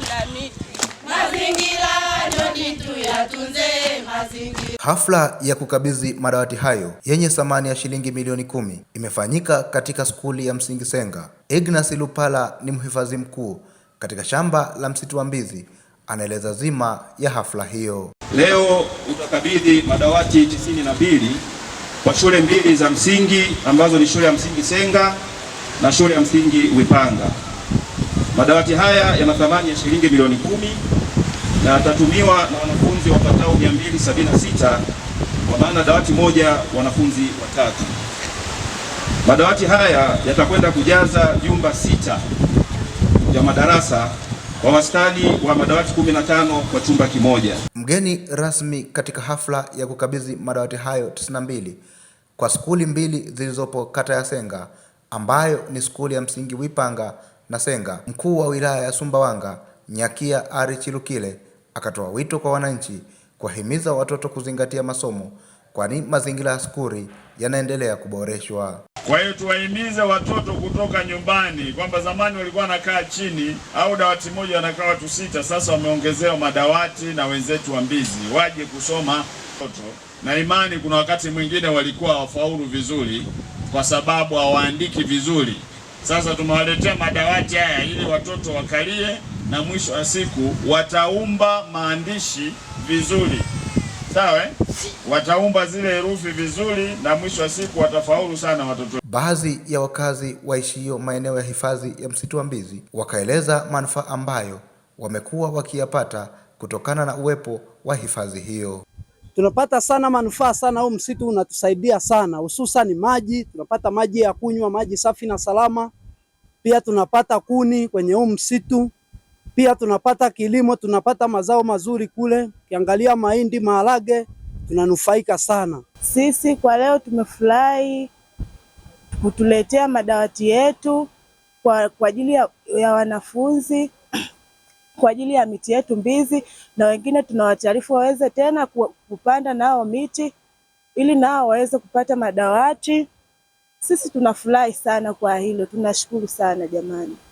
kupanda miti. Mazingira ndio yatunze mazingira. Hafla ya kukabidhi madawati hayo yenye thamani ya shilingi milioni kumi imefanyika katika skuli ya msingi Senga. Ignas Lupala ni mhifadhi mkuu katika shamba la msitu wa Mbizi, anaeleza zima ya hafla hiyo. Leo utakabidhi madawati tisini na mbili kwa shule mbili za msingi ambazo ni shule ya msingi Senga na shule ya msingi Wipanga. Madawati haya yana thamani ya shilingi milioni kumi na yatatumiwa na wanafunzi wapatao 276 kwa maana dawati moja wanafunzi watatu. Madawati haya yatakwenda kujaza vyumba sita vya madarasa kwa wastani wa madawati 15 kwa chumba kimoja. Mgeni rasmi katika hafla ya kukabidhi madawati hayo 92 kwa skuli mbili zilizopo kata ya Senga ambayo ni skuli ya msingi Wipanga Nasenga, mkuu wa wilaya ya Sumbawanga Nyakia Ari Chilukile akatoa wito kwa wananchi kuwahimiza watoto kuzingatia masomo kwani mazingira ya skuli yanaendelea kuboreshwa. Kwa hiyo tuwahimize watoto kutoka nyumbani, kwamba zamani walikuwa wanakaa chini au dawati moja wanakaa watu sita, sasa wameongezewa madawati na wenzetu wa Mbizi waje kusoma toto. Na imani kuna wakati mwingine walikuwa hawafaulu vizuri kwa sababu hawaandiki vizuri. Sasa tumewaletea madawati haya ili watoto wakalie na mwisho wa siku wataumba maandishi vizuri, sawa? Eh? Wataumba zile herufi vizuri na mwisho wa siku watafaulu sana watoto. Baadhi ya wakazi waishio maeneo ya hifadhi ya msitu wa Mbizi wakaeleza manufaa ambayo wamekuwa wakiyapata kutokana na uwepo wa hifadhi hiyo tunapata sana manufaa sana. Huu msitu unatusaidia sana, hususan maji. Tunapata maji ya kunywa, maji safi na salama. Pia tunapata kuni kwenye huu msitu, pia tunapata kilimo, tunapata mazao mazuri kule. Ukiangalia mahindi, maharage, tunanufaika sana. Sisi kwa leo tumefurahi kutuletea madawati yetu kwa ajili ya, ya wanafunzi kwa ajili ya miti yetu mbizi, na wengine tunawataarifu waweze tena kupanda nao miti ili nao waweze kupata madawati. Sisi tunafurahi sana kwa hilo, tunashukuru sana jamani.